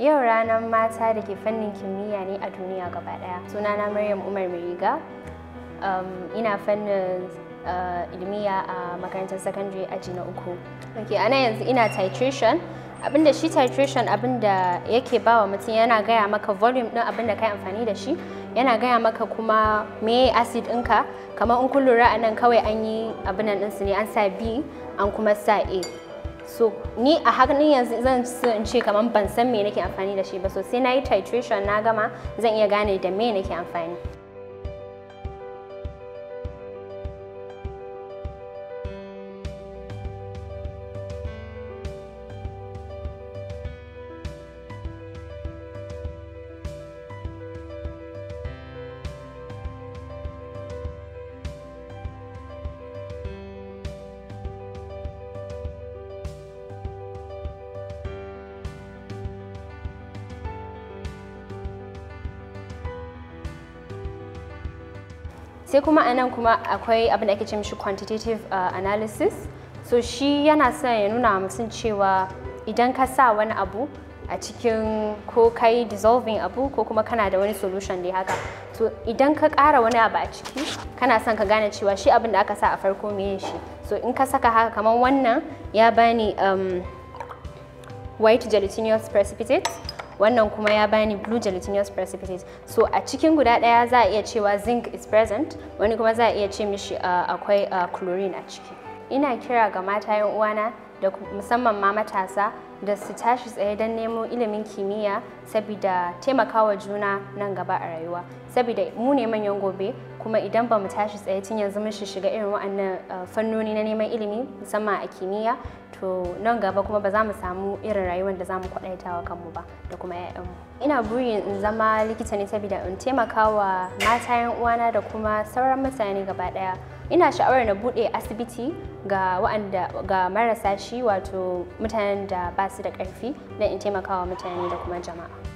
Yau ranar mata da ke fannin kimiyya ne a duniya gaba ɗaya. Sunana Maryam Umar mariga Um, ina fannin uh, ilmiya a makarantar secondary aji na uku. Okay, ana yanzu ina titration. Abinda shi titration abinda yake ba wa mutum yana gaya maka volume ɗin abinda ka yi amfani da shi. Yana gaya maka kuma me acid ɗinka. Kamar in kun lura a nan kawai an yi abin ɗinsu ne an sa B an kuma sa A. so ni a hakan yanzu zan so in ce kamar ban san me nake amfani da shi ba so sai na yi titration na gama zan iya gane da me nake amfani sai kuma a nan kuma akwai abin da ake ce mishi quantitative uh, analysis so shi yana son ya nuna mutum cewa idan ka sa wani abu a cikin ko kai dissolving abu ko kuma kana da wani solution dai haka to idan ka kara wani abu a ciki kana son ka gane cewa shi abin da aka sa a farko meye shi so in ka saka haka kamar wannan ya bani um, white gelatinous precipitate wannan kuma ya bani blue gelatinous precipitate so a cikin guda daya za a iya cewa zinc is present wani kuma za a iya ce mishi uh, akwai uh, chlorine a ciki ina kira ga mata 'yan uwana da musamman ma matasa da su tashi tsaye don nemo ilimin kimiyya saboda taimakawa juna nan gaba a rayuwa saboda mu ne manyan gobe kuma idan ba mu tashi tsaye tun yanzu mun shiga irin wa'annan eh, fannoni na neman ilimi musamman a kimiyya to nan gaba kuma ba za mu samu irin rayuwar da za mu kwaɗaitawa kanmu ba da kuma 'ya'yanmu ina burin in zama likita ne saboda in taimakawa mata 'yan uwana da kuma sauran mutane gaba ɗaya ina sha'awar na bude asibiti ga wa'anda ga marasa shi wato mutanen da ba da karfi don in taimakawa mutane da kuma jama'a